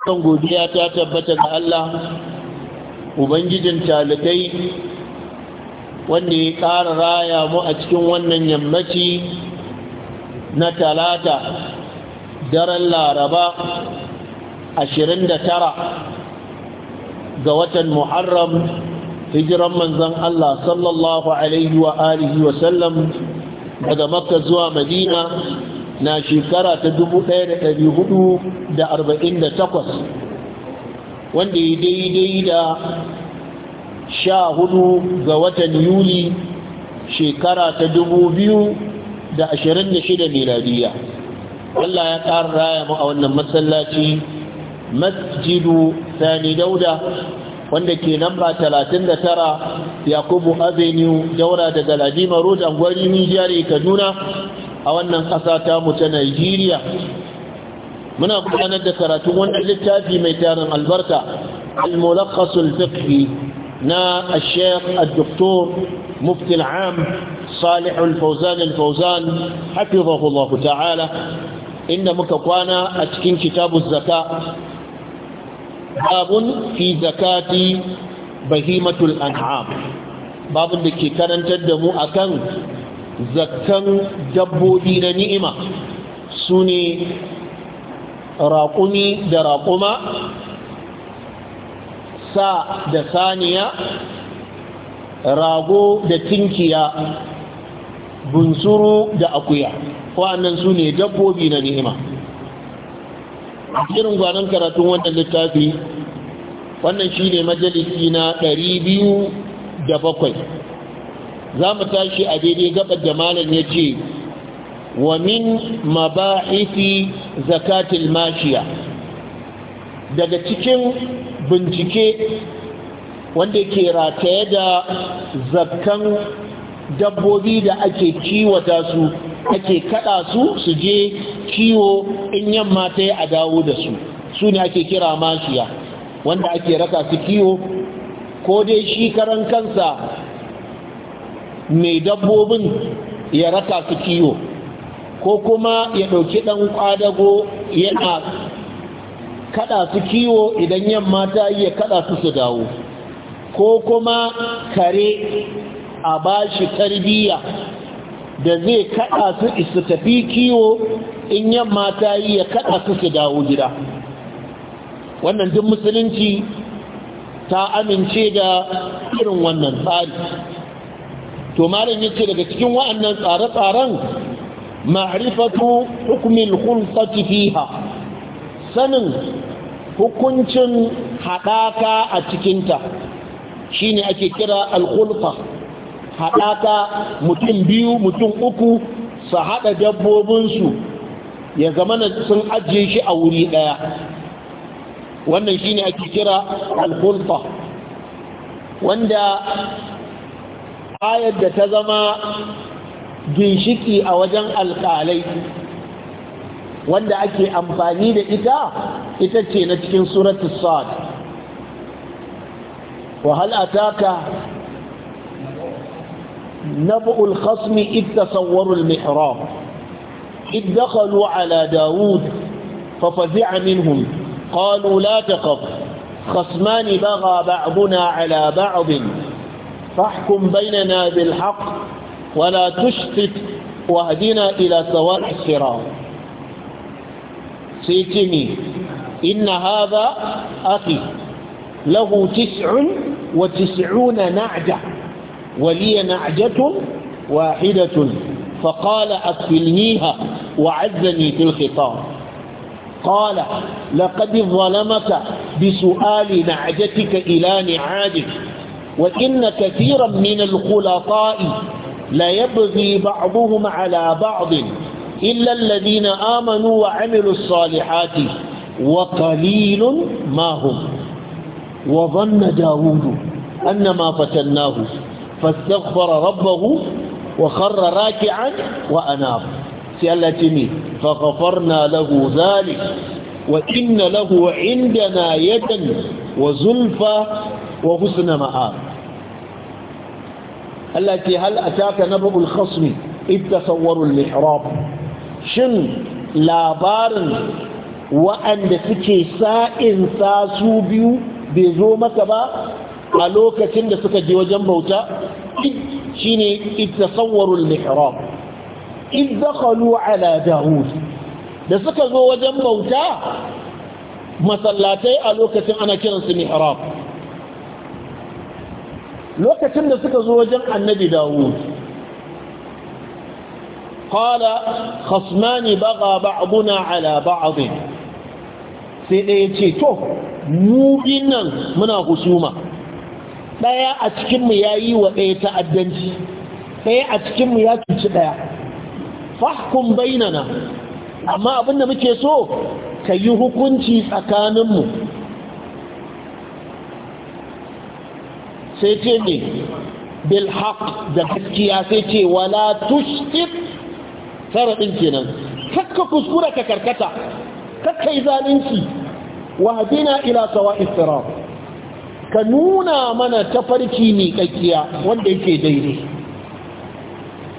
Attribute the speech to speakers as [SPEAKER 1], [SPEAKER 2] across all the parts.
[SPEAKER 1] kan godiya ta tabbata ga Allah ubangijin talibai wanda ya ƙara raya mu a cikin wannan yammaci na talata daren laraba 29 ga watan muharram hijiran manzan Allah sallallahu alaihi wa alihi daga makka zuwa madina na shekara ta 1448 wanda ya daidai da sha hudu ga watan yuli shekara ta dubu biyu da ashirin da shida miladiya Allah ya ƙara raya mu a wannan masallaci masjidu sani dauda wanda ke lamba talatin da tara yakubu avenue daura daga ladima road angwari nijiyar kaduna a wannan ƙasa ta mu ta Najeriya muna gudanar da karatun wannan littafi mai tarin albarka al-mulakhas al na al-sheikh al-doktor mufti al-am صالح الفوزان الفوزان حفظه الله ta'ala, inda muka kwana a cikin kitabun zaka babun fi zakati bahimatul an'am babun da ke karantar da mu akan zakkan dabbobi na ni'ima su ne raƙumi da raƙuma sa da saniya rago da tinkiya bunsuru da akuya waɗannan su ne dabbobi na ni'ima A cikin gwanon karatun wannan littafi wannan shi ne majalisi na bakwai. za mu tashi a daidai gabar da malam ya ce wa min maba'ifi zakatil mashiya daga cikin bincike wanda ke rataye da zakkan dabbobi da ake kiwata su ake kada su su je kiwo in yamma ta yi a dawo da su su ne ake kira mashiya wanda ake raka su kiwo ko dai shi karan kansa mai dabbobin ya raka su kiwo ko kuma ya ɗauki ɗan ƙwadago yana kada su kiwo idan yamma ta yi ya kada su su dawo ko kuma kare a ba shi tarbiyya da zai kada su su tafi kiwo in yamma ta yi ya kada su su dawo gida wannan duk musulunci ta amince da irin wannan tsari to malam yace daga cikin wa'annan tsare-tsaren ma'rifatu hukmil khulqati fiha sanin hukuncin hadaka a cikinta shine ake kira al-khulqa hadaka mutum biyu mutum uku su hada dabbobinsu ya zamana sun ajiye shi a wuri daya wannan shine ake kira al-khulqa wanda ayar da ta zama ginshiki a wajen alƙalai wanda ake amfani da ita ita ce na cikin suratu sa'ad wahal a taka na bu'ul khasmi ita tsawarul mihra ita kalu ala dawud fafazi'a minhum qalu la taqab khasmani baga ba'duna ala ba'din فاحكم بيننا بالحق ولا تشفت واهدنا إلى سواء الصراط سيتمي إن هذا أخي له تسع وتسعون نعجة ولي نعجة واحدة فقال أكفلنيها وعزني في الخطاب قال لقد ظلمك بسؤال نعجتك إلى نعاجك وإن كثيرا من الخلطاء لا يبغي بعضهم على بعض إلا الذين آمنوا وعملوا الصالحات وقليل ما هم وظن داود أن ما فتناه فاستغفر ربه وخر راكعا وأناب سألتني فغفرنا له ذلك وإن له عندنا يدا وزلفى وحسن مآب التي هل أتاك نبغ الخصم إذ تصوروا المحراب شن لا لابار وأن سكي سائن ساسوبيو بيزو مكبا قالوك شن سكي جيو جنبوتا شن إذ تصوروا المحراب إذ دخلوا على داود da suka zo wajen bauta masallatai a lokacin lokacin da suka zo wajen annabi dawud kala khasmani baga ba'duna ala ba'd sai ɗaya ce to mu nan muna husuma Ɗaya a cikinmu ya yi wa ɗaya ta'addanci ɗaya a cikinmu mu ya cuci daya fahkum bainana amma abinda muke so kayi hukunci tsakaninmu sai ce ne Bilhak da gaskiya sai ce wala tushit sarabin kenan kakka kuskura ka karkata kakka yi zalunci wahdina ila sawa'is isra ka nuna mana tafarki ne kakkiya wanda yake daidai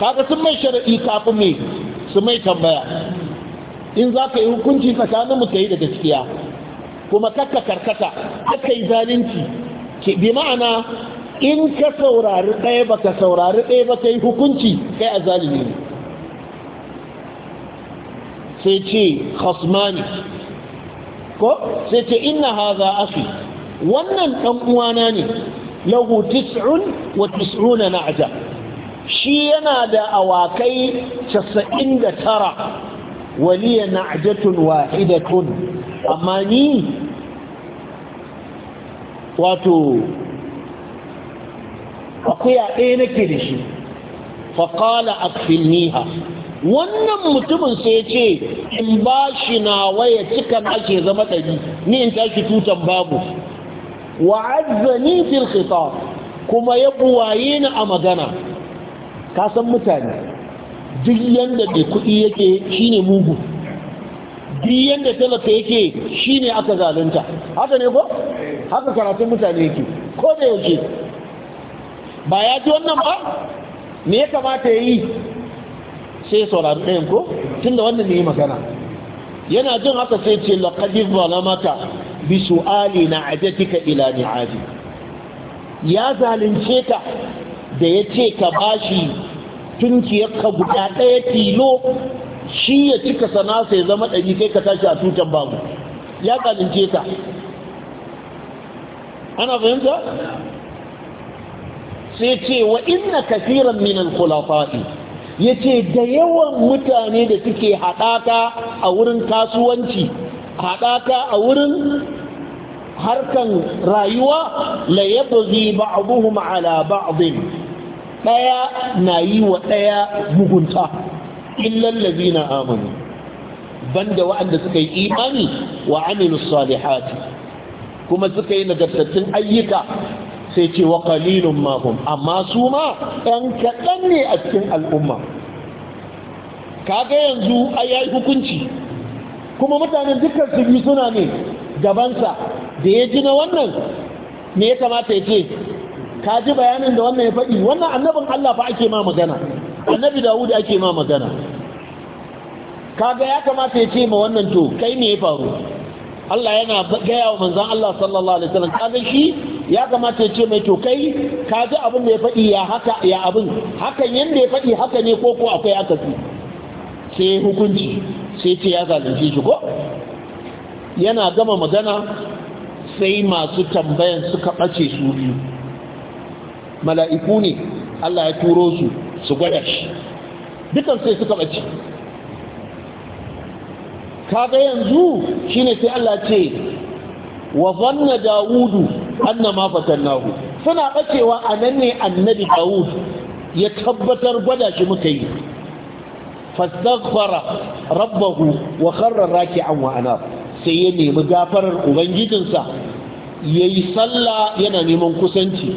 [SPEAKER 1] kaga sun mai sharadi kafin su mai tambaya in za ka yi hukunci tsakanin mu ka yi da gaskiya kuma kakka karkata kakka yi zalunci bi ma'ana in ka saurari ɗaya ba ka saurari ɗaya ba ka yi hukunci kai a zalimi ne sai ce khasmani ko sai ce inna haza afi wannan ɗan uwana ne lahu tis'un wa tis'una na'ja shi yana da awakai 99 waliya na'jatun wahidatun amma ni wato akuya ɗaya nake da shi faƙala akfilniha wannan mutumin sai ce in ba shi na waya cika na zama ɗari ni in tashi tutan babu Wa wa'azzani fil khitab kuma ya buwaye ni a magana ka san mutane duk yanda da kuɗi yake shine mugu duk da talaka yake shi ne aka zalunta haka ne ko haka karatun mutane yake ko da yake ba ya ji wannan ba me ya kamata ya yi sai saurari ɗayan ko tun da wannan ne yi magana yana jin haka sai ce laƙadif zalamaka bi su'ali na ajatika ila ni'aji ya zalunce ka da ya ce ka bashi ka guda ɗaya tilo shi ya cika sana'a sai zama ɗari kai ka tashi a tutan babu ya ƙalince ka ana fahimta sai ce wa inna kasiran minal Ya yace da yawan mutane da suke haɗaka a wurin kasuwanci haɗaka a wurin harkan rayuwa la yabghi ba'dhum ala abin, ɗaya na yi wa ɗaya mugunta illal ladina amanu banda wa'anda suka yi imani wa Aminu salihati kuma suka yi nagartattun ayyuka sai ce wa qalilun ma amma su ma ɗan kaɗan ne a cikin al'umma kaga yanzu ai yayi hukunci kuma mutanen dukkan su biyu suna ne gabansa da ya ji na wannan me ya kamata ya ce ka ji bayanin da wannan ya faɗi wannan annabin Allah fa ake ma magana annabi dawud ake ma magana kaga ya kamata ya ce ma wannan to kai ne ya faru Allah yana gaya wa manzan Allah sallallahu alaihi wasallam kaga shi ya kamata ya ce mai to kai kaga abin da ya faɗi ya haka ya abin hakan yanda ya faɗi haka ne ko ko akwai akasi sai hukunci sai ce ya zalunci shi ko yana gama magana sai masu tambayan suka ɓace su biyu mala'iku ne Allah ya turo su su gwada shi dukan sai suka bace kaga yanzu shine sai Allah ce wa zanna dawudu anna ma fatannahu suna a anan ne annabi Dawudu. ya tabbatar gwada shi muka yi fastaghfara rabbahu wa kharra raki'an wa ana sai ya nemi gafarar ubangijinsa yayi sallah yana neman kusanci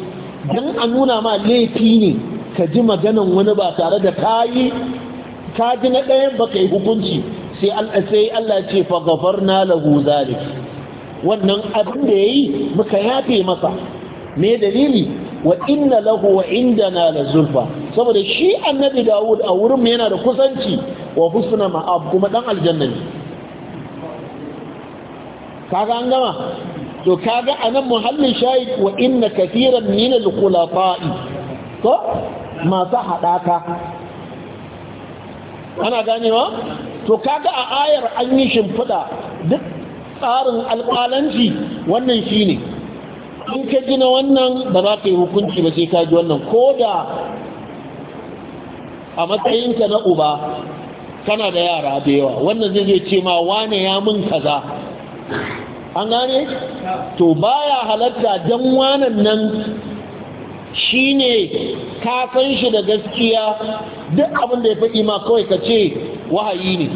[SPEAKER 1] dan a nuna ma laifi ne ka ji maganan wani ba tare da kayi ka ji na ɗayan ba ka yi hukunci sai Allah ce fa na lahu zalik wannan abin da yayi muka yafe masa me dalili wa inna lahu wa na da zurfa saboda shi annabi Dawud a wurin mu yana da kusanci wa husna ma'ab kuma dan aljanna ne kaga an gama to kaga anan muhallin shahid wa inna katiran min al-khulafa'i ko. masu haɗaka ana ganewa to kaga a ayar an yi shimfiɗa duk tsarin alƙalanci wannan shi ne in ka gina wannan ba za ka yi hukunci ba sai ka ji wannan ko da a matsayinka na uba kana da yara da yawa wannan zai zai ce ma wane ya mun kaza an gane to baya halatta dan wanan nan shi ne san shi da gaskiya duk abin da ya faɗi ma kawai ka ce wahayi ne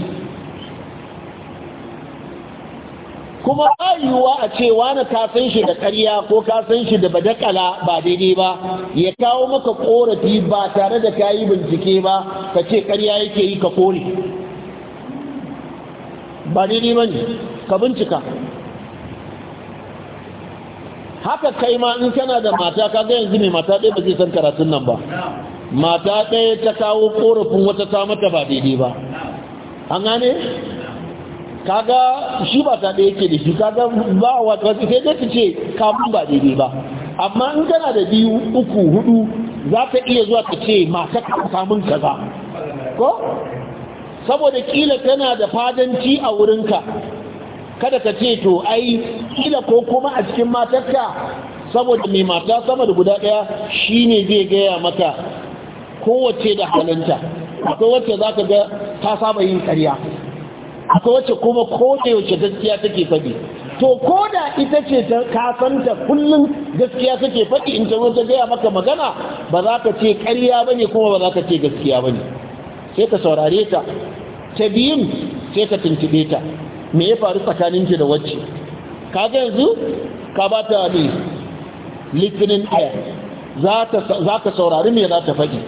[SPEAKER 1] kuma ayuwa a ce wani ka shi da karya ko kafin shi da badakala ba daidai ba ya kawo maka ƙorafi ba tare da ka yi bincike ba ka ce ƙarya yake yi ka kori ba daidai ba ne ka bincika haka kai ma in kana da mata ka ga yanzu mai mata ɗaya ba zai san karatun nan ba mata ɗaya ta kawo korafin wata ta mata ba daidai ba an gane kaga shi ba ta ɗaya ke da shi kaga ba wata wasu sai ta ce kamun ba daidai ba amma in kana da biyu uku hudu za ta iya zuwa ta ce mata ka samun kaza ko saboda kila tana da fadanci a wurinka kada ka ce to ai kila ko kuma a cikin matarka saboda mai mata sama da guda ɗaya shine zai gaya mata kowace da halinta akwai wacce za ka ga ta saba yin karya akwai wacce kuma ko da gaskiya take faɗi to ko da ita ce ta kasanta kullum gaskiya take faɗi in ta wata ta gaya maka magana ba za ka ce karya ba ne kuma ba za ka ce gaskiya ba ne sai ka saurare ta ta biyin sai ka tuntube ta me ya faru tsakaninki da wacce kaga yanzu ka ba ta ne listening ear za ka saurari me za ta faɗi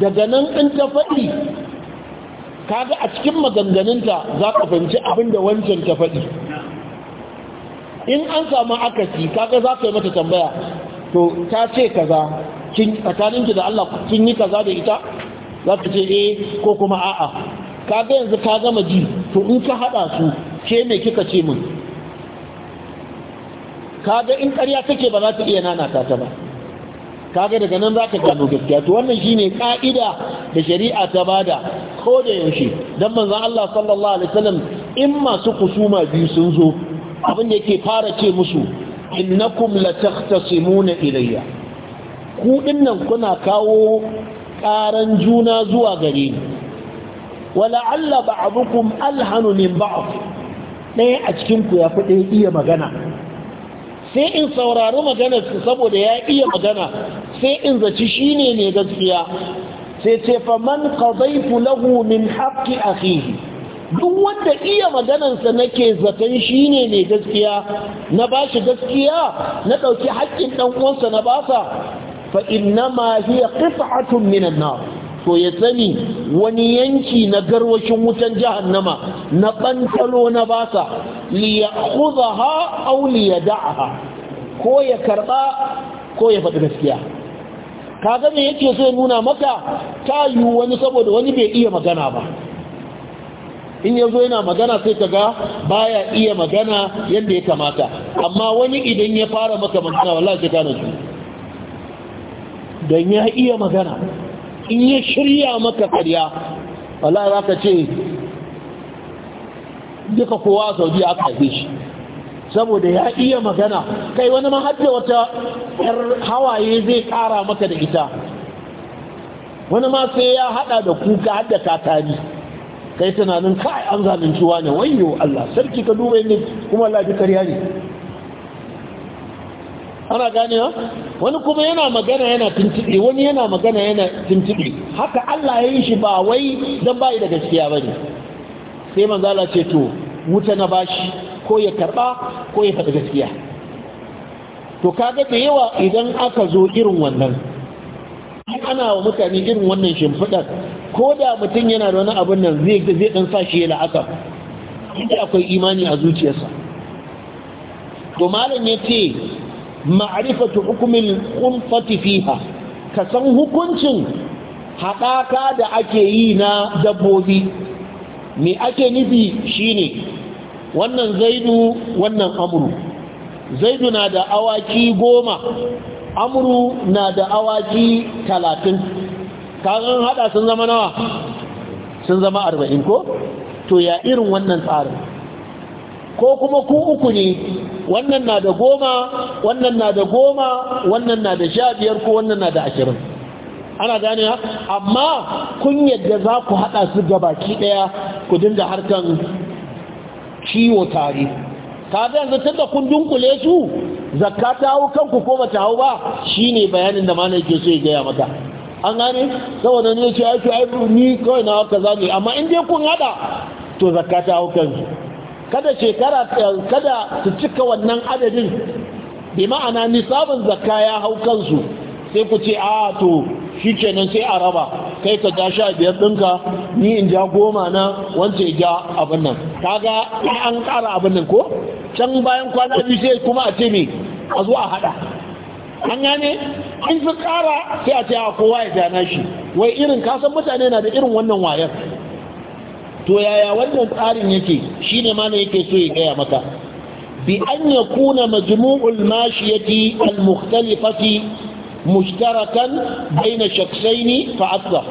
[SPEAKER 1] daga nan in ta faɗi kaga a cikin maganganunta za ka fahimci abin da wancan ta faɗi in an samu akasi kaga za ka yi mata tambaya to ta ce kaza tsakaninki da Allah kin yi kaza da ita za ta ce eh ko kuma a'a kaga yanzu ka gama ji to in ka haɗa su ke me kika ce min kaga in ƙarya take ba za ta iya nanata ta ba ga daga nan za ka gano gaskiya to wannan shine ƙa'ida da shari'a ta bada ko da yaushe dan manzon Allah sallallahu alaihi wasallam in masu kusuma biyu sun zo abin da yake fara ce musu innakum muna ilayya ku dinnan kuna kawo ƙaran juna zuwa gare ni wala'alla ba'abukum alhanu min ba'd ɗaya a cikinku ya fi ɗaya iya magana sai in saurari maganar su saboda ya iya magana sai in zaci shi ne gaskiya sai ce fa man lahu min haqqi akhihi duk wanda iya maganarsa nake zaton shi ne gaskiya na bashi gaskiya na ɗauki haƙƙin ɗan uwansa na basa fa innama hiya qit'atun minan nar to ya sani wani yanki na garwashin wutan jahannama na ɓantalo na basa liya khuzaha aw liya da'aha ko ya karɓa ko ya faɗi gaskiya kaga me yake so ya nuna maka ta yi wani saboda wani bai iya magana ba in yanzu yana magana sai ka ga baya iya magana yadda ya kamata amma wani idan ya fara maka magana wallahi sai ka nasu don ya iya magana in ya shirya maka karya wallahi za ka ce duka kowa saudi aka haife shi saboda ya iya magana kai wani ma wata yar hawaye zai kara maka da ita wani ma sai ya hada da kuka hadda katari kai tunanin kai an zalunci wani wayo Allah sarki ka duba yadda kuma Allah bi kariya ne ana ganewa wani kuma yana magana yana tuntuɓe wani yana magana yana tuntuɓe haka Allah ya yi shi ba wai don bayi da gaskiya ba ne sai manzala ce to wuta na bashi ko ya karɓa ko ya faɗi gaskiya to kaga da yawa idan aka zo irin wannan ana wa mutane irin wannan shimfiɗar ko da mutum yana da wani abin nan zai ɗan sa shi ya la'akar akwai imani a zuciyarsa to malam ya ce Ma'arifatu hukumin khulfati fiha ka san hukuncin haɗaka da ake yi na dabbobi me ake nufi shine wannan zaidu wannan amru zaidu na da awaki goma amru na da awaki talatin kazan hada sun zama nawa sun zama arba'in ko to ya irin wannan tsarin ko kuma ku uku ne wannan na da goma wannan na da goma wannan na da sha biyar ko wannan na da ashirin ana gane amma kun yadda za ku haɗa su gabaki ɗaya ku dinga harkan ciwo tare kaga yanzu tun da kun dunkule su zakka ta hau kanku ko ba ta hau ba shine bayanin da mana yake so ya gaya mata an gane saboda ne ce aiki aiki ni kawai na haka ne amma in dai kun haɗa to zakka ta hau kansu kada shekara kada su cika wannan adadin bi ma'ana nisabin zakka ya hau kansu sai ku ce a ah, to shi kenan sai a raba kai ka ja sha biyar ɗinka ni in ja goma na wance ja abin nan kaga an ƙara abin nan ko can bayan kwana biyu sai kuma a ce me a zo a haɗa an gane in su ƙara sai a ce a ah, kowa ya ja nashi wai irin kasan mutane na da irin wannan wayar to yaya wannan tsarin yake shine ma yake so ya gaya maka bi an kuna majmu'ul mashiyati al-mukhtalifati mushtarakan baina shakhsayn fa aslah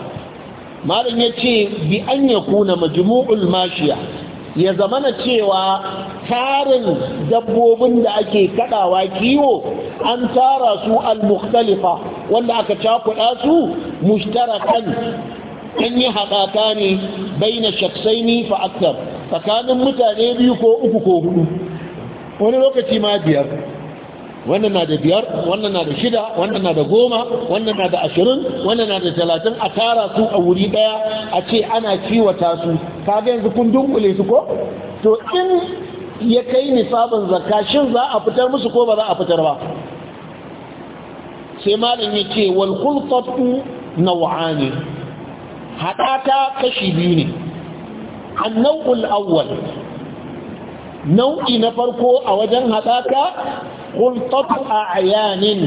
[SPEAKER 1] malam yace bi an kuna majmu'ul mashiya ya zamana cewa tarin dabbobin da ake kadawa kiwo an tara su al-mukhtalifa wanda aka cakuɗa su mushtarakan an yi haɗaka ne bai na shaksaini fa'aktar tsakanin mutane biyu ko uku ko hudu wani lokaci ma biyar wannan na da biyar wannan na da shida wannan na da goma wannan na da ashirin wannan na da talatin a tara su a wuri daya a ce ana kiwata su kaga yanzu kun dunkule su ko to in ya kai nisabin zakka shin za a fitar musu ko ba za a fitar ba sai malam ya ce wal khulqatu naw'ani haɗaka kashi biyu ne annau'ul awwal nau'i na farko a wajen haɗaka ƙultatu a ayanin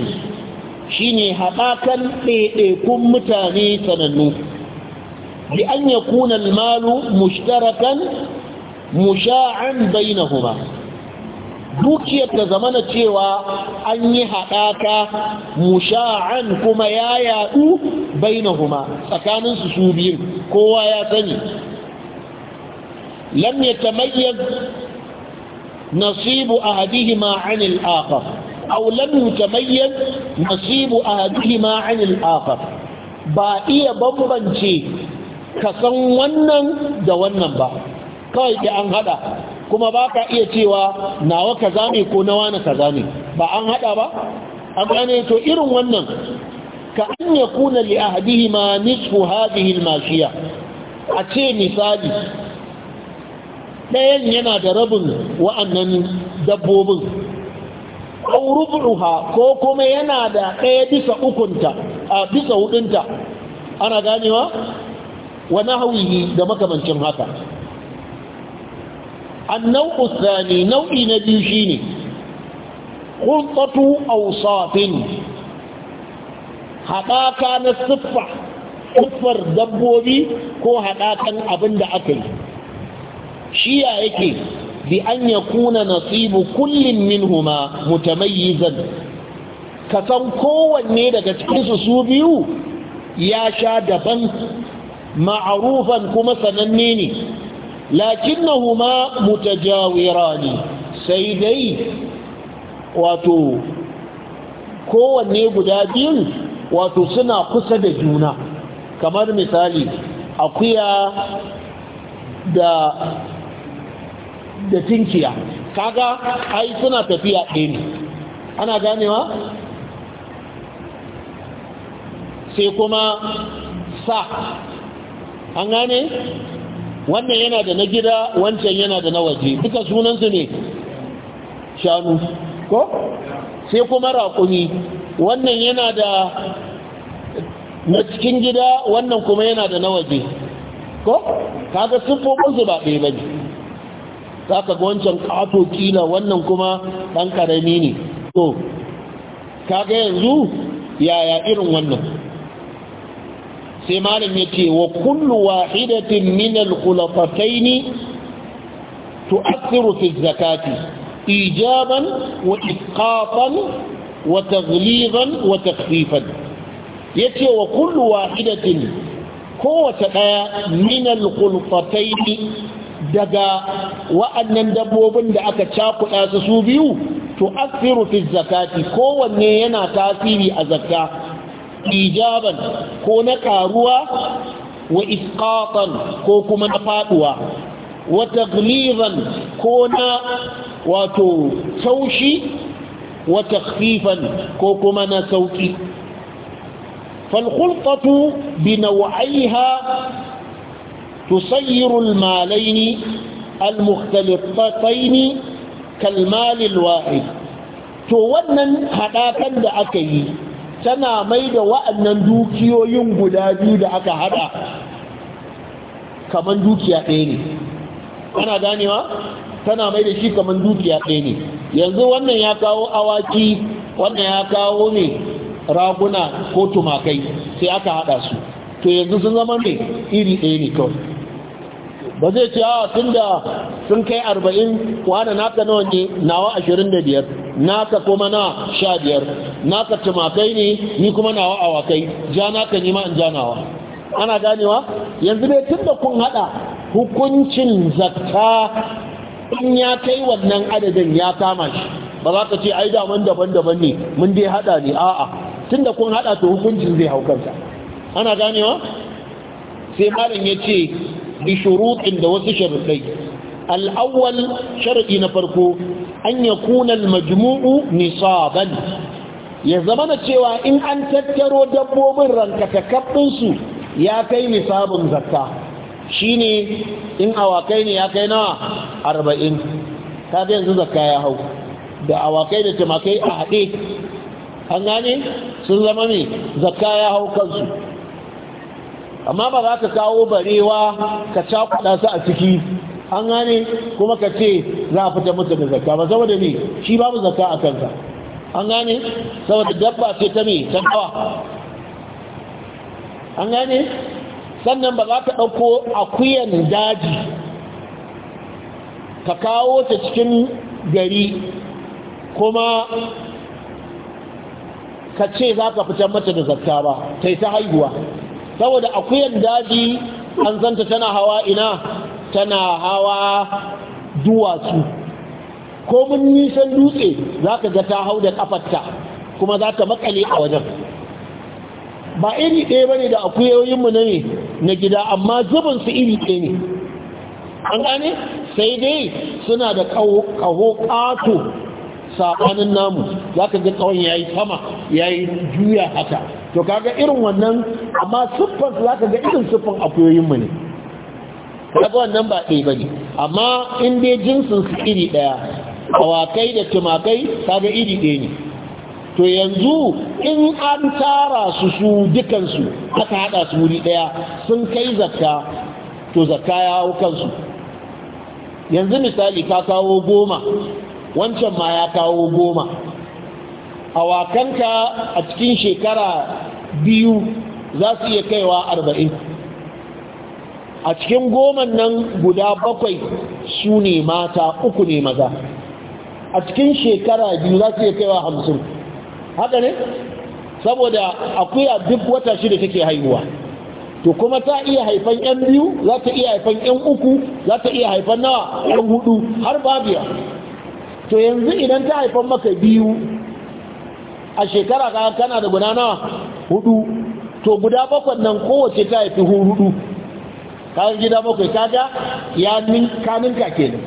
[SPEAKER 1] shi ne haɗakan ɗaiɗaikun mutane sanannu bi an ya kunan malu mushtarakan musha'an bainahuma dukiyar da zamana cewa an yi haɗaka musha'an kuma ya yaɗu bainahuma tsakanin su biyu kowa ya sani lam yatamayyaz nasibu ahadihima 'anil akhar aw lam yatamayyaz nasibu ahadihima 'anil akhar ba iya bambance kasan wannan da wannan ba kawai an haɗa. kuma ba ka iya cewa nawa kaza ne ko nawa na kaza ne ba an hada ba an gane to irin wannan ka an ya kuna li ma nisfu hadhihi al-mashiya a ce misali ɗayan yana da rabin wa'annan dabbobin aw rubuha ko kuma yana da ɗaya bisa ukunta a bisa hudunta ana ganewa wa nahwihi da makamancin haka النوع الثاني نوع نبيشين خلطة أوصاف هداك نصفة siffar dabbobi ko haɗakan abin da aka yi shi ya yake bi an ya kuna nasibu kullum min mutamayyizan ka san kowanne daga cikinsu su biyu ya sha daban ma'arufan kuma sananne ne lakinnahuma mutajawirani sai dai wato kowanne guda biyun wato suna kusa da juna kamar misali akuya da da tinkiya kaga ai suna tafiya ɗaya ana ganewa sai kuma sa an gane wannan yana da na gida wancan yana da na waje duka sunansu ne shanu ko sai kuma raƙumi wannan yana da na cikin gida wannan kuma yana da na waje ko kaga siffofinsu ba ɗaya ba ne za ka ga wancan ƙato kila wannan kuma ɗan ƙarami ne to kaga yanzu yaya irin wannan sai malam ya ce wa kullu wahidatin min al-khulafataini tu'athiru fi zakati ijaban wa isqatan wa taghliban wa takhfifan yace wa kullu wahidatin wata daya min al-khulafataini daga wa'annan dabbobin da aka cakuɗa su su biyu tu'athiru fi zakati kowanne yana tasiri a zakka ijaban ko na karuwa wa isqatan ko kuma na faduwa wa taglizan ko na wato taushi wa takhfifan ko kuma na sauki فالخلطة بنوعيها تصير المالين المختلطتين كالمال to wannan haɗakan da aka yi tana mai da wa'annan dukiyoyin guda biyu da aka hada kaman dukiya ɗaya ne ana ganewa tana mai da shi kaman dukiya ɗaya ne yanzu wannan ya kawo awaki wannan ya kawo ne raguna ko tumakai sai aka hada su to yanzu sun zama ne iri ɗaya ne kawai ba zai ce a ah, tun da sun kai arba'in wane naka nawa ne nawa ashirin da biyar naka kuma na sha biyar naka tumakai ne ni kuma nawa awakai ja naka nima in ja nawa ana ganewa yanzu ne tun da kun hada hukuncin zakka in ya kai wannan adadin ya kama shi ba za ka ce ai daman daban-daban ne mun dai hada ne a'a tun da kun hada to hukuncin zai hau kansa ana ganewa sai malam ya ce bi shuruɗin da wasu sharuɗai al'awwal sharaɗi na farko an ya kunan majmu'u nisaban ya zama na cewa in an tattaro dabbobin rankatakabbinsu ya kai nisabin zakka shi ne in awakai ne ya kai nawa arba'in yanzu zakka ya hau da awakai da tumakai a haɗe an gane sun zama ne zakka ya hau kansu amma ba za ka kawo barewa ka cakuɗa su a ciki an gane kuma ka ce za a fita mutu da zakka ba saboda ne shi babu zakka a kanka an gane saboda dabba ce ta me ta dawa an gane sannan ba za ka ɗauko akuyan daji ka kawo ta cikin gari kuma ka ce za ka fitar mata da zakka ba ta yi ta haihuwa saboda akuyan daji an zanta tana hawa ina tana hawa duwatsu ko mun nisan dutse za ka ga ta hau da kafarta kuma za ka makale a wajen ba iri ɗaya ba ne da akuyoyinmu na ne na gida amma su iri ɗaya ne an gane sai dai suna da ƙaho ƙato saɓanin namu za ka ga tsawon ya yi sama ya yi juya haka to kaga irin wannan amma siffar za ka ga irin siffar akuyoyinmu ne kaga wannan ba ɗaya ba ne amma in dai jinsin su iri ɗaya awakai da tumakai kaga iri ɗaya ne to yanzu in an tara su su dukansu aka haɗa su wuri ɗaya sun kai zakka to zakka ya hau kansu yanzu misali ka kawo goma wancan ma ya kawo goma awakanka a cikin shekara biyu za su iya kaiwa arba'in a cikin goman nan guda bakwai su ne mata uku ne maza a cikin shekara biyu za su iya kaiwa hamsin haka ne saboda akuya duk wata shida take haihuwa to kuma ta iya haifan yan biyu za ta iya haifan yan uku za ta iya haifan nawa yan hudu har babiya to yanzu idan ta haifan maka biyu a shekara kana da gudanawa. nawa hudu to guda bakwai nan kowace ta haifi hudu kayan gida bakwai kaga ya kaninka kenan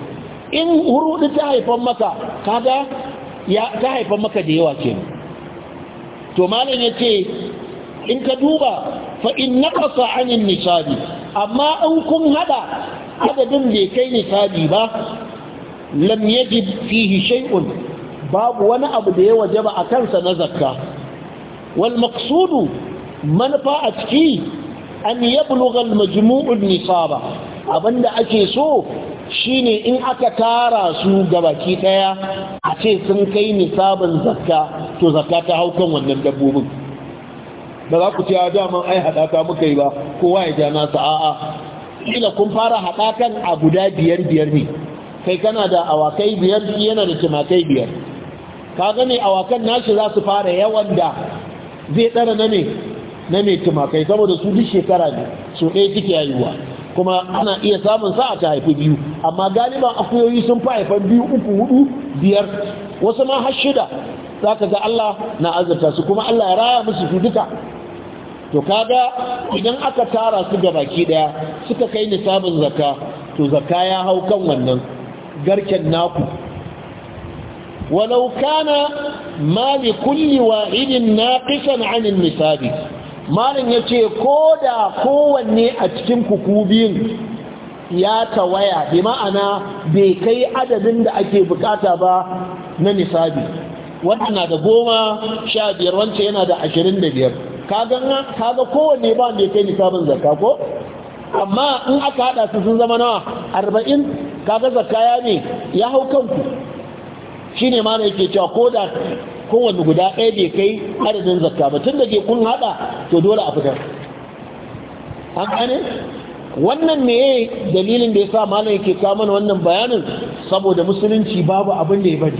[SPEAKER 1] in hudu ta haifan maka kaga ya ta haifan maka da yawa kenan to malam ce in ka duba fa in ƙasa anin nisabi amma in kun hada adadin ya kai nishadi ba lam yajib fihi babu wani abu da ya ba a kansa na zakka wal maqsudu manufa a ciki an yablugha al majmu'u nisaba abinda ake so shine in aka tara su gabaki daya a ce sun kai nisabin zakka to zakka ta hau kan wannan dabbobin ba za ku ce a haɗaka muka yi ba kowa ya a'a kun fara haɗakan a guda biyar biyar ne kai kana da awakai biyar yana da tumakai biyar ka gane awakan nashi za su fara yawan da zai tsara na mai tumakai saboda su duk shekara ne so ɗaya suke haihuwa kuma ana iya samun sa'a ta haifi biyu amma galiban akuyoyi sun fi haifan biyu uku hudu biyar wasu ma har shida za ka ga Allah na azurta su kuma Allah ya raya musu su duka to kaga idan aka tara su ga baki daya suka kai nisabin zakka to zakka ya hau kan wannan garken naku ولو كان ما لكل واحد ناقصا عن النساب مالن yace koda kowanne a cikin kukubin ya tawaya bi ma'ana bai kai adadin da ake bukata ba na nisabi wannan na da goma sha biyar wancan yana da ashirin da biyar kaga kowanne ba da ya kai nisabin zakka ko amma in aka hada su sun zama nawa arba'in kaga zakka ya ne ya hau kanku shine ma yake cewa ko da kowanne guda ɗaya bai kai adadin zakka ba tun da ke kun haɗa to dole a fitar an kane wannan me dalilin da ya sa malam yake kawo mana wannan bayanin saboda musulunci babu abin da ya bari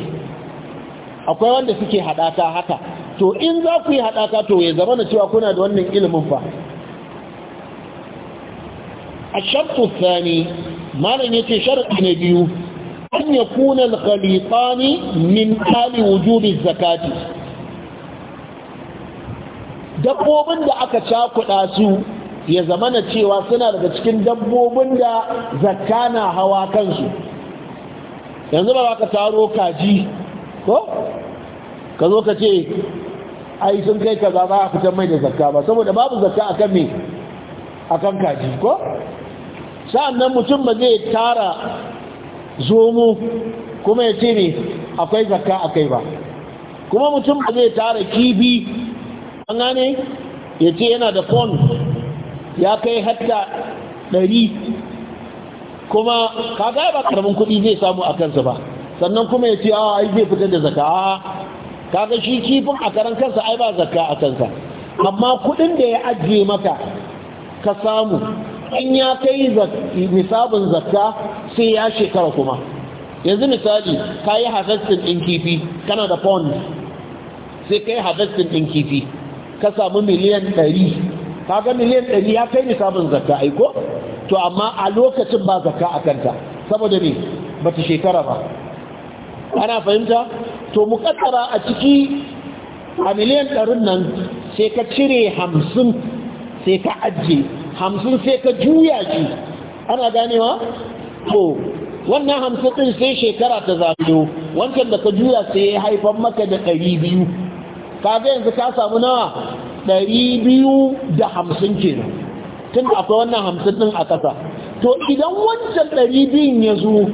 [SPEAKER 1] akwai wanda suke haɗata haka to in za ku yi haɗata to ya zama na cewa kuna da wannan ilimin fa a shartu sani malam ya ce sharaɗi na biyu an ya kuna khalitani min hali wujubi zakati dabbobin da aka cakuɗa su ya zamana cewa suna daga cikin dabbobin da zakka na hawa kansu yanzu ba ka taro kaji ko ka zo ka ce ai sun kai kaza za a fitar mai da zakka ba saboda babu zakka akan me akan kaji ko sa'annan mutum ba zai tara zomo kuma ya ce ne akwai zakka a kai ba kuma mutum ba zai tara kibi an gane ya ce yana da fon ya kai hatta ɗari kuma kaga ba karamin kuɗi zai samu a kansa ba sannan kuma ya ce a ai zai fitar da zakka kaga shi kifin a karan kansa ai ba zakka a kansa amma kuɗin da ya ajiye maka ka samu in ya kai nisabin zakka sai ya shekara kuma yanzu misali ka yi harvesting ɗin kifi kana da pond sai ka yi harvesting ɗin kifi ka samu miliyan ɗari ka ga miliyan ɗari ya kai nisabin zakka aiko to amma a lokacin ba zakka a kanta saboda ne ba ta shekara ba ana fahimta to mu mukaddara a ciki a miliyan ɗarin nan sai ka cire hamsin sai ka ajiye hamsin sai ka juya shi ana ganewa to wannan hamsin ɗin sai shekara ta zafiyo wancan da ka juya sai ya haifan maka da ɗari biyu Ka kaga yanzu ka samu nawa ɗari biyu da hamsin nan tun akwai wannan hamsin ɗin a ƙasa to idan wancan ɗari biyun ya zo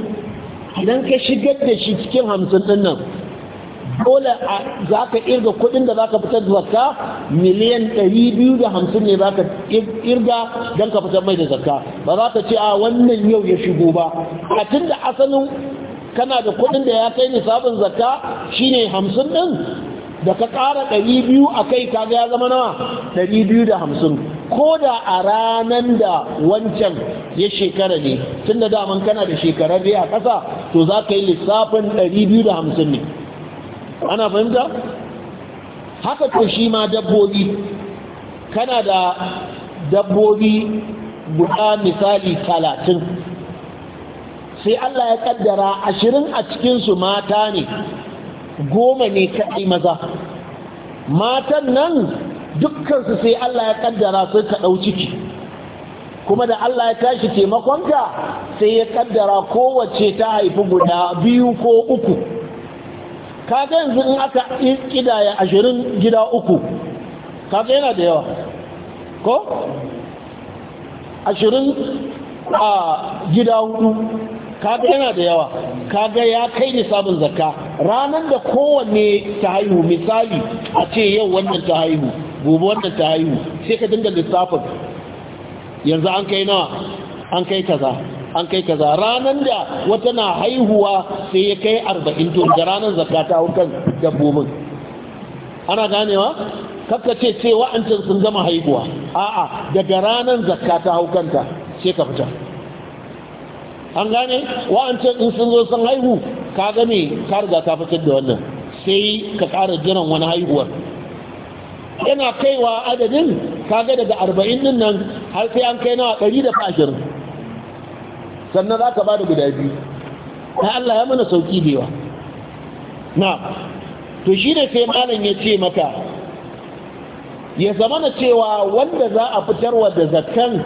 [SPEAKER 1] idan ka shigar da shi cikin hamsin ɗin nan dole za ka irga kudin da za ka fitar zakka miliyan 250 ne za ka irga don ka fitar mai da zakka ba za ka ce a wannan yau ya shigo ba a tun da asalin kana da kudin da ya kai nisabin zakka shine 50 din da ka ƙara 200 a kai kaga ya zama nawa 250 ko da a ranar da wancan ya shekara ne tun da daman kana da shekararre a ƙasa to za ka yi lissafin 250 ne ana fahimta haka to shi ma dabbobi kana da dabbobi guda misali talatin sai Allah ya kaddara ashirin a cikinsu mata ne goma ne kaɗi maza matan nan dukkansu sai Allah ya kaddara sai ka ɗau ciki kuma da Allah ya tashi taimakonka sai ya kaddara kowace ta haifi guda biyu ko uku kaga yanzu in aka kidaya ashirin gida uku kaga yana da yawa ko ashirin a gida hudu kaga yana da yawa kaga ya kai nisabin zakka ranar da kowanne ta haihu misali a ce yau wannan ta haihu gobe wannan ta haihu sai ka dinga lissafin yanzu an kai nawa an kai kaza an kai kaza ranan da wata na haihuwa sai ya kai arba'in to da ranar zakka ta dabbobin ana ganewa kakka ce ce wa'ancan sun zama haihuwa a'a daga ranar zakka ta sai ka fita an gane wa'ancan in sun zo sun haihu ka gane ka riga ka fitar da wannan sai ka kara jiran wani haihuwar yana kaiwa adadin kaga daga arba'in nan har sai an kai nawa ɗari da fashirin sannan za ka ba da guda biyu ta Allah ya mana sauki da yawa na to shi ne sai malam ya ce maka ya na cewa wanda za a fitarwa da zakan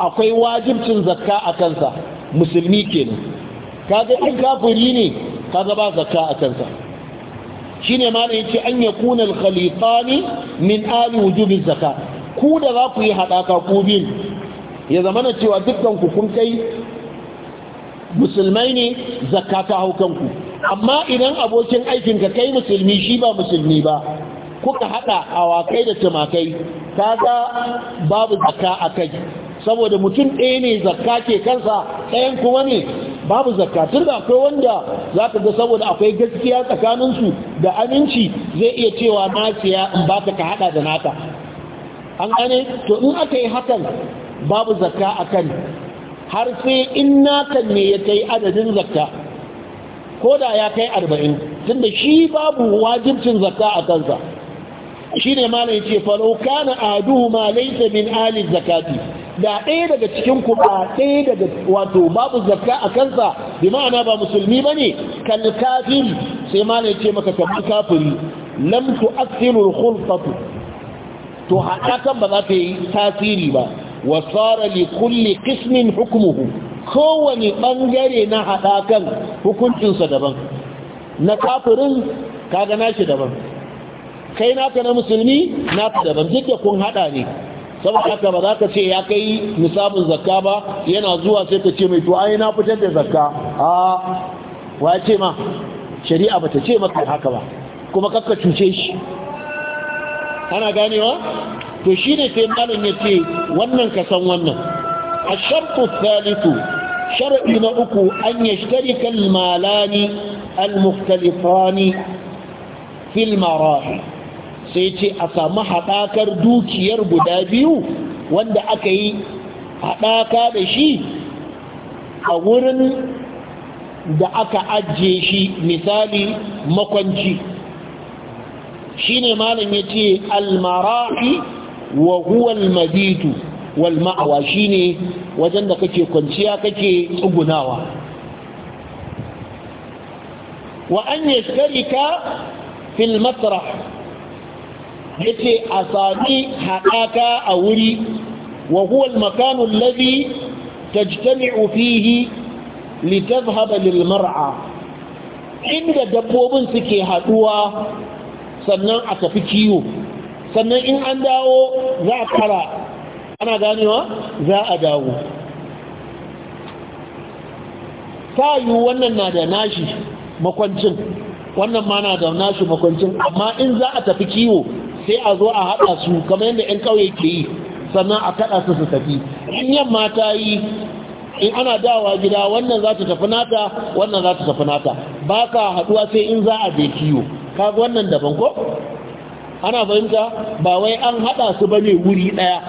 [SPEAKER 1] akwai wajibcin zakka a kansa musulmi kenan kaga in kafiri ne kaga ba zakka a kansa shine malam yace an ya al-khalifani min ali wujubin zakka ku da za ku yi haɗaka ku biyu ya zama na cewa dukkan ku kun kai musulmai ne zakka haukanku hau kanku amma idan abokin aikinka kai musulmi shi ba musulmi ba kuka hada awakai da tumakai kaga babu zakka a kai saboda mutum ɗaya ne zakka ke kansa ɗayan kuma ne babu zakka tun da akwai wanda za ka ga saboda akwai gaskiya tsakaninsu da aminci zai iya cewa na siya in ba ka haɗa da naka an gane to in aka yi hakan babu zakka a kan har sai in nakan ne ya kai adadin zakka ko da ya kai arba'in tunda shi babu wajibcin zakka a kansa shi ne ma ce farauka na adu ma laisa min ali zakati da ɗaya daga cikin ku ɗaya daga wato babu zakka a kansa bi ma'ana ba musulmi ba ne kan kafiri sai ma ce maka kamar kafiri lamtu tu'assiru hulfatu to to haɗakan ba za ta yi tasiri ba wa tsara li kulli qismin hukmuhu kowane bangare na haɗakan hukuncinsa daban na kafirin kaga nashi daban kai naka na musulmi naka daban duk kun haɗa ne saboda haka ba za ka ce ya kai nisabin zakka ba yana zuwa sai ka ce mai to ai na fitar da zakka a wa ce ma shari'a ba ta ce maka haka ba kuma kakka cuce shi ana ganewa to shi ne sai malam ya ce wannan ka san wannan a shartu thalithu shar'i na uku an yashtarika al-malani al muktalifani fil sai ce a samu haɗakar dukiyar guda biyu wanda aka yi haɗaka da shi a wurin da aka ajiye shi misali makwanci shi ne malam ya ce almarahi wa huwa almabitu wal ma'awa shine wajen da kake kwanciya kake tsugunawa wa an yashtarika fil matrah yace a sami haɗaka a wuri wa huwa almakanu alladhi tajtami'u fihi litadhhaba lil mar'a inda dabbobin suke haɗuwa sannan a tafi kiwo sannan in an dawo za a kara ana ganewa za a dawo ta yi wannan na da nashi makwancin wannan ma na da nashi makwancin amma in za a tafi kiwo sai a zo a haɗa su kamar yadda 'yan ƙauye ke yi sannan a kaɗa su su tafi in yamma ta yi in ana dawa gida wannan za ta tafi nata wannan za ta tafi nata ba ka haɗuwa sai in za a je kiwo kaga wannan daban ko ana fahimta ba wai an haɗa su bane wuri ɗaya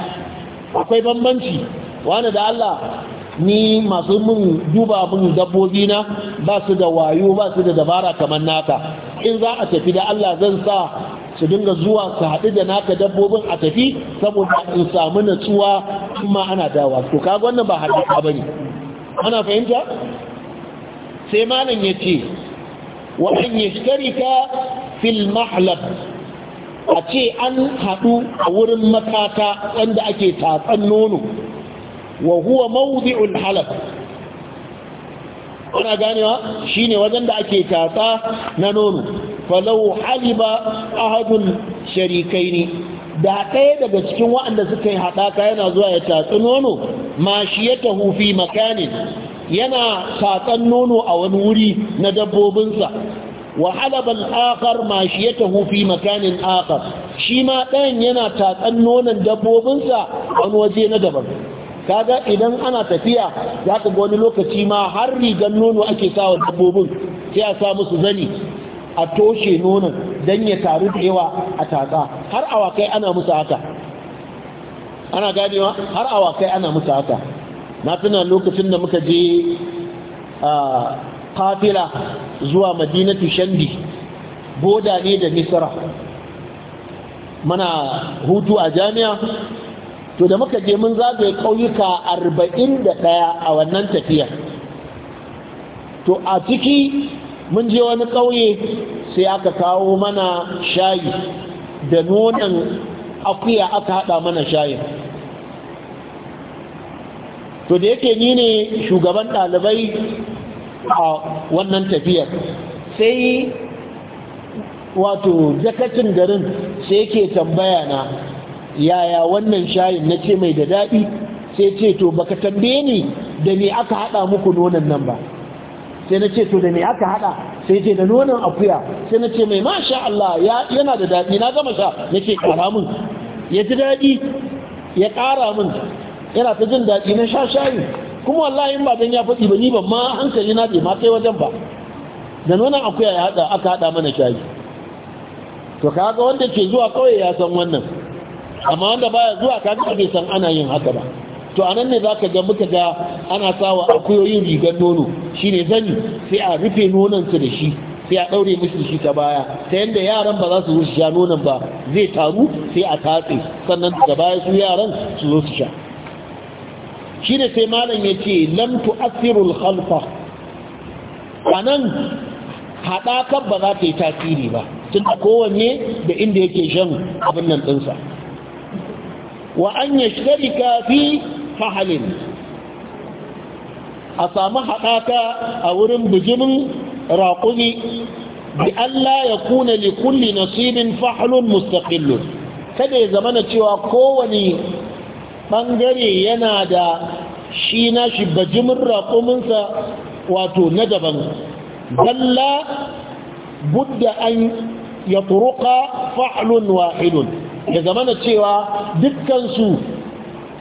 [SPEAKER 1] akwai bambanci wani da Allah ni masu mun duba mun dabbobi na ba su da wayo ba su da dabara kamar naka in za a tafi da Allah zan sa su dinga zuwa su haɗu da naka dabbobin a tafi saboda in samu natsuwa kuma ana dawa to kaga wannan ba haɗuwa ba ne ana fahimta sai malam ya ce wa an yashtarika fil mahlab a ce an haɗu a wurin makata wanda ake tatsan nono wa huwa mawdi'ul halaq ana ganewa shine wajen da ake tatsa na nono falau haliba ahadun sharikaini da ɗaya daga cikin waɗanda suka yi haɗaka yana zuwa ya tatsi nono ma shi makanin yana tatsan nono a wani wuri na dabbobinsa wa halaba al mashiyata hufi fi makanin akhar shi ma ɗayan yana tatsan nonon dabbobinsa wani waje na daban kaga idan ana tafiya za ka ga wani lokaci ma har rigar nono ake sawa dabbobin sai a sa musu zani a toshe nonon don ya taru da yawa a tatsa har awakai ana musu haka ana ganewa har awakai ana musu haka na tuna lokacin da muka je a kafila zuwa madinatu shandi boda ne da misra mana hutu a jami'a to da muka je mun zagaye ƙauyuka arba'in da ɗaya a wannan tafiya to a ciki mun je wani ƙauye sai aka kawo mana shayi da nonon akuya aka haɗa mana shayin to da yake ni ne shugaban ɗalibai a wannan tafiyar sai wato jakatin garin sai yake tambaya na yaya wannan shayin na ce mai da daɗi sai ce to baka tambaye ni da me aka haɗa muku nonon nan ba sai na ce to da me aka haɗa sai ce da nonon akuya sai na ce mai masha Allah yana da daɗi na gama sha na ce ƙara min ya ji daɗi ya ƙara min yana ta jin daɗi na sha shayi kuma wallahi in ba dan ya faɗi ba ni ba ma hankali na bai ma kai wajen ba da nonon akuya ya hada aka hada mana shayi to kaga wanda ke zuwa kawai ya san wannan amma wanda baya zuwa kaga bai san ana yin haka ba to anan ne zaka ga muka ga ana sawa akuyoyin rigar nono shine zani sai a rufe nonon su da shi sai a daure musu shi ta baya ta yanda yaran ba za su zo su sha nonon ba zai taru sai a tatse sannan da baya su yaran su zo su sha shi da sai malam ya ce asirul tu'athirul a anan haɗakar ba za ta yi tasiri ba tun da kowanne da inda yake shan abin nan ɗinsa wa an yashtarika fi fahalin a samu haɗaka a wurin bijimin raƙumi bi Allah ya kuna li kulli nasibin fahlun mustaqillun kada ya zamana cewa kowane ɓangare yana da shi na shi bajimin raƙuminsa wato na daban balla budda an ya turuka fa'alun Ya zama zamana cewa dukkansu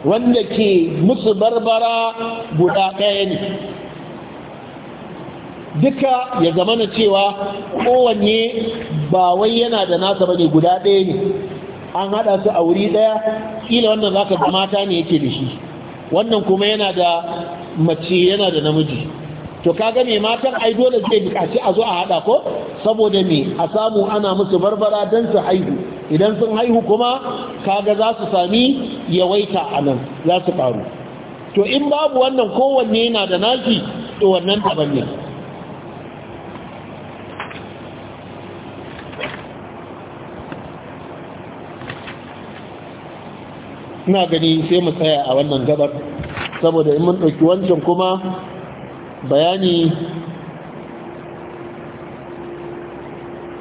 [SPEAKER 1] wanda ke musu barbara guda ɗaya ne duka ya zamana cewa kowanne ba wai yana da nasa bane guda ɗaya ne an haɗa su a wuri ɗaya ƙila wannan za ka ga mata ne yake da shi wannan kuma yana da mace yana da namiji to kaga mai matan ai dole zai buƙaci a zo a haɗa ko saboda me a samu ana musu barbara don su haihu idan sun haihu kuma kaga za su sami yawaita a nan za su ƙaru to in babu wannan kowanne yana da nashi to wannan daban ne ina gani sai mu tsaya a wannan gabar saboda in mun ɗauki wancan kuma bayani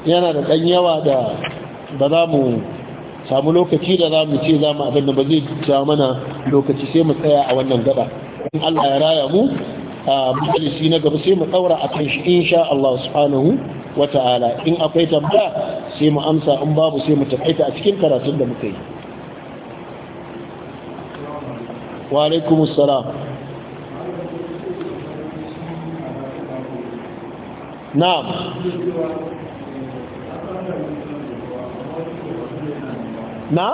[SPEAKER 1] yana da ɗan yawa da ba za mu samu lokaci da za mu ce za mu abin ba zai ja mana lokaci sai mu tsaya a wannan gaba in Allah ya raya mu a majalisi na gaba sai mu daura a kan shi sha Allah subhanahu wa ta'ala in akwai tambaya sai mu amsa in babu sai mu tafaita a cikin karatun da muka yi
[SPEAKER 2] wa alaikum assalam
[SPEAKER 1] na'am na?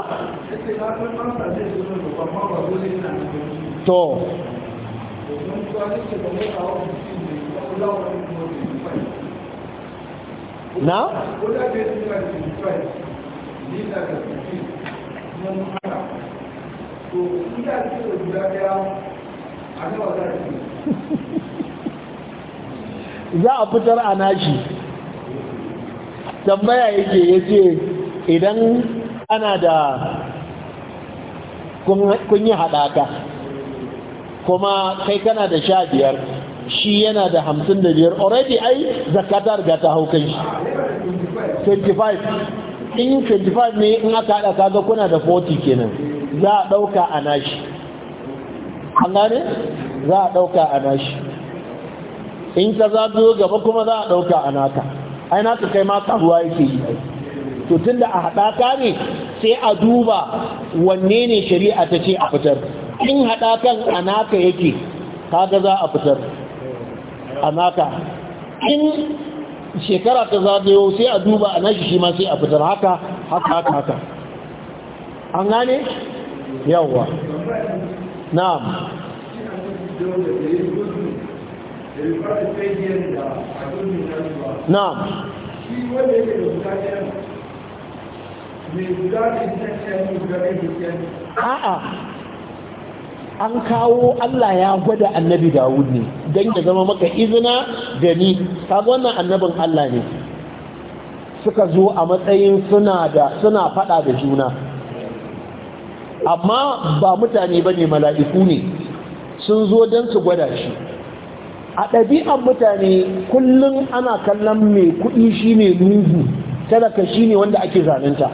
[SPEAKER 1] to na? za a fitar a nashi tambaya yake ya ce idan ana da kun yi haɗaka kuma kai kana da sha biyar shi yana da hamsin da biyar already ai zakatar ga ta hau kai 25 in 25 ne in aka haɗa kaga kuna da 40 kenan za a ɗauka a nashi an gane za a ɗauka a nashi in ka za zo gaba kuma za a ɗauka a naka ai naka kai ma karuwa yake yi to tun da a haɗaka ne sai a duba wanne ne shari'a ta ce a fitar in haɗakan a naka yake kaga za a fitar a naka in shekara ta zagayo sai a duba a nashi shi ma sai a fitar haka haka haka haka an gane yawwa na'am na'am a'a an kawo Allah ya gwada annabi Dawud ne don ya zama maka izina da ni kaga annabin Allah ne suka zo a matsayin suna da suna fada da juna amma ba mutane ba ne mala'iku ne sun zo don su gwada shi a ɗabi'an mutane kullum ana kallon mai kuɗi shi ne mugu talaka shi ne wanda ake zalunta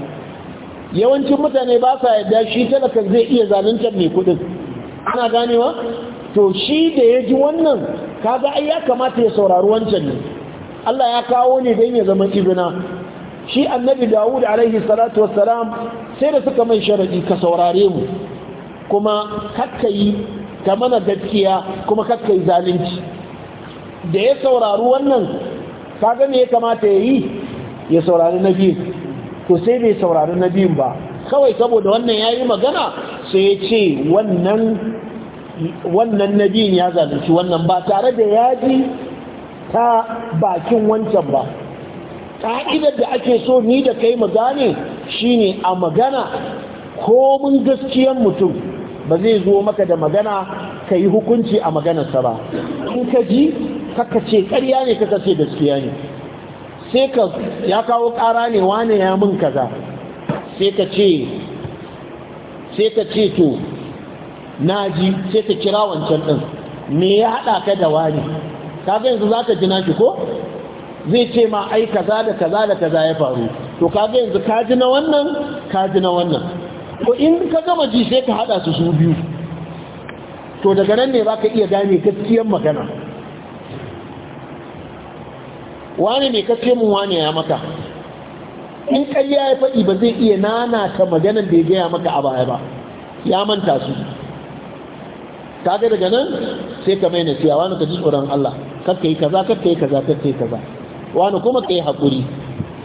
[SPEAKER 1] yawancin mutane ba sa yadda shi talaka zai iya zaluntar mai kuɗin ana ganewa to shi da ya ji wannan kaga ai ya kamata ya saurari wancan ne Allah ya kawo ne don ya zama ibina shi annabi dawud alaihi salatu wassalam sai da suka mai sharadi ka saurare mu kuma yi ka mana gaskiya kuma yi zalunci da ya sauraru wannan kaga me ya kamata ya yi ya saurari na biyu to sai bai saurari na biyun ba kawai saboda wannan ya yi magana sai ya ce wannan wannan na biyun ya zalunci wannan ba tare da ya ji ta bakin wancan ba Ka'idar da ake so ni da kai mu gane shine a magana komin gaskiyan mutum ba zai zo maka da magana ka yi hukunci a maganarsa ba in ka ji kaka ce ƙarya ne kaka ce gaskiya ne sai ka ya kawo ƙara ne wane ya mun kaza sai ka ce sai ka ce to na ji sai ka kira wancan ɗin me ya haɗa ka da wani kaga yanzu za ka ji naki ko zai ce ma ai kaza da kaza da kaza ya faru to kaga yanzu ka ji na wannan ka ji na wannan to in ka gama ji sai ka hada su su biyu to daga nan ne baka iya gane gaskiyar magana wani ne kace mun wani ya maka in ƙarya ya faɗi ba zai iya nana ka maganar da ya gaya maka a baya ba ya manta su kaga daga nan sai ka mai nasiya wani ka ji tsoron Allah kakka yi kaza kakka yi kaza kakka yi kaza wani kuma kai hakuri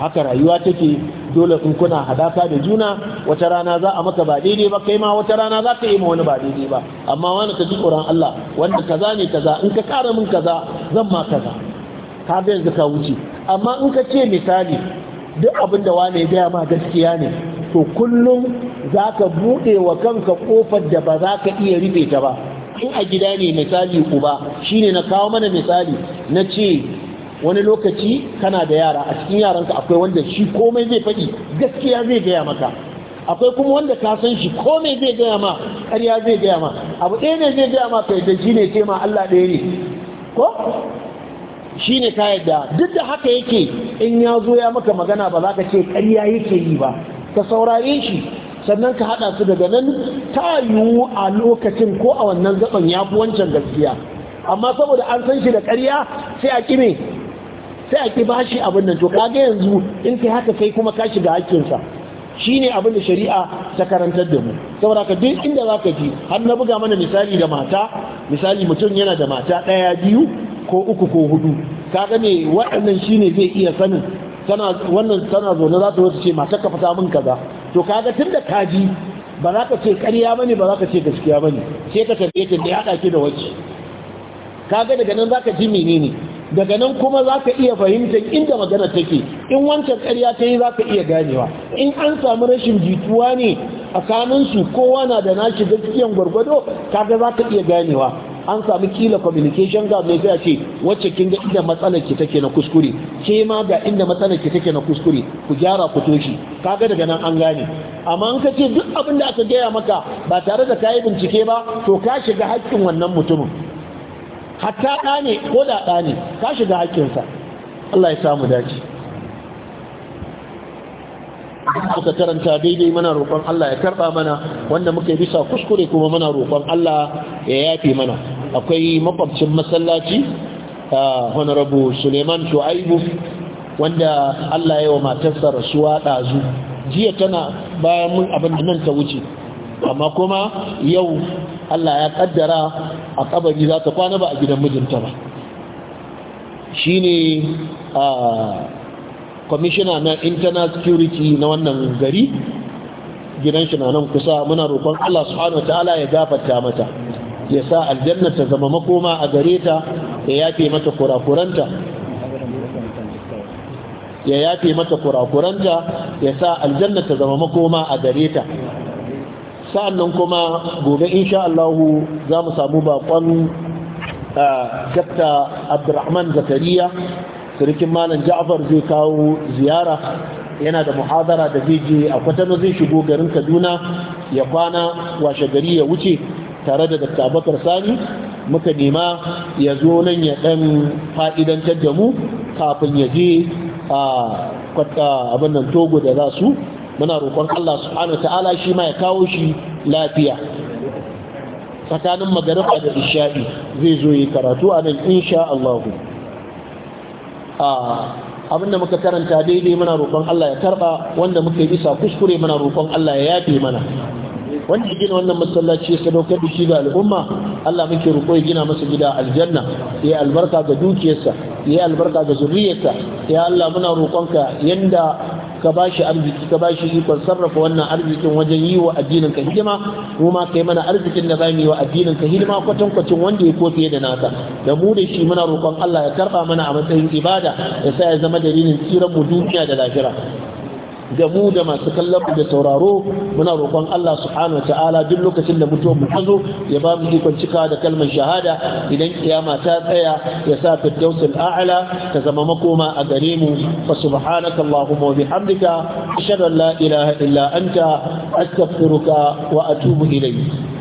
[SPEAKER 1] haka rayuwa take dole in kuna hadaka da juna wata rana za a maka ba daidai ba kai ma wata rana za ka yi ma wani ba daidai ba amma wani ka ji tsoron Allah wanda kaza ne kaza in ka kara min kaza zan ma kaza ka ga yanzu ka wuce amma in ka ce misali duk abin da wani ya gaya ma gaskiya ne to kullum za ka buɗe wa kanka ƙofar da ba za ka iya rufe ta ba in a gida ne misali uba shine na kawo mana misali na ce wani lokaci kana da yara a cikin yaranka akwai wanda shi komai zai faɗi gaskiya zai gaya maka akwai kuma wanda ka san shi komai zai gaya ma ƙarya zai gaya ma abu ɗaya ne zai gaya ma kai da shi ne ce Allah ɗaya ne ko shi ne ka yadda duk da haka yake in ya zo ya maka magana ba za ka ce ƙarya yake yi ba ka saurare shi sannan ka haɗa su daga nan ta yiwu a lokacin ko a wannan zaɓen ya fi wancan gaskiya amma saboda an san shi da ƙarya sai a ƙime sai a ki shi abin nan to kaga yanzu in kai haka kai kuma ka shiga hakkinsa shine abin da shari'a ta karantar da mu saboda ka duk inda zaka ji har na buga mana misali da mata misali mutum yana da mata ɗaya biyu ko uku ko hudu kaga ne waɗannan shine zai iya sanin tana wannan tana zaune za ta wasu ce mata ka fata min kaza to kaga tunda ka ji ba za ka ce ƙarya bane ba za ka ce gaskiya bane sai ka tabbata da ya haɗa ki da wacce kaga daga nan za ka ji menene daga nan kuma za ka iya fahimtar inda magana take in wancan ƙarya ta yi za ka iya ganewa in an samu rashin jituwa ne a tsakaninsu kowa na da nashi gaskiyan gwargwado kaga za ka iya ganewa an samu kila communication ga mai zai ce wacce kin ga inda matsalar ki take na kuskure ke ma ga inda matsalar ki take na kuskure ku gyara ku toshi kaga daga nan an gane amma an kace duk abin da aka gaya maka ba tare da kayi bincike ba to ka shiga haƙƙin wannan mutumin hatta ɗa ne ko da ɗa ne ka shiga haƙƙinsa Allah ya samu dace muka karanta daidai mana roƙon Allah ya karɓa mana wanda muka yi bisa kuskure kuma mana roƙon Allah ya yafe mana akwai makwabcin masallaci a honorable suleiman shu'aibu wanda Allah ya yi wa matarsa rasuwa ɗazu jiya tana bayan mun abin da nan ta wuce amma kuma yau Allah ya kaddara a kabari za ta kwana ba a gidan mijinta ba shi ne kwamishina na internal security na wannan gari gidan shi na nan kusa muna roƙon Allah subhanahu wataala ya gafarta mata ya sa aljanna ta zama makoma a gare ta ya yafe mata kurakuranta ya yafe mata kurakuranta ya sa aljanna ta zama makoma a gare ta sa'an nan kuma gobe insha Allah za mu samu bakon dakta Abdurrahman Zakariya sarkin malam Ja'far zai kawo ziyara yana da muhazara da zai je a kwatano zai shigo garin Kaduna ya kwana washe gari ya wuce tare da dakta Bakar Sani muka nema ya zo nan ya dan fa'idantar da mu kafin ya je a abin nan Togo da za su muna roƙon Allah subhanahu ta'ala shi ma ya kawo shi lafiya tsakanin magariba da isha'i zai zo yi karatu a nan insha Allah abinda muka karanta daidai muna roƙon Allah ya karba wanda muka yi bisa kuskure muna roƙon Allah ya yafe mana wanda ya gina wannan masallaci ya sadaukar da shi ga al'umma Allah muke roƙo ya gina masa gida aljanna ya albarka ga dukiyarsa ya albarka ga zuriyarsa ya Allah muna roƙonka yanda ka shi arziki ka shi ikon sarrafa wannan arzikin wajen yi wa addinin ka hidima mu ma kai mana arzikin da zamu yi wa addinin ka hidima kwatan kwacin wanda ya kofi da naka da mu da shi muna roƙon Allah ya karba mana a matsayin ibada ya sa ya zama dalilin tsiran mu duniya da lahira da mu da masu kallon da sauraro muna roƙon Allah subhanahu wataala duk lokacin da mutuwar mu tazo ya ba mu ikon cika da kalmar shahada idan kiyama ta tsaya ya sa firdausul a'la ta zama makoma a gare mu fa subhanaka allahumma wa bihamdika ashhadu an la ilaha illa anta astaghfiruka wa atubu ilayk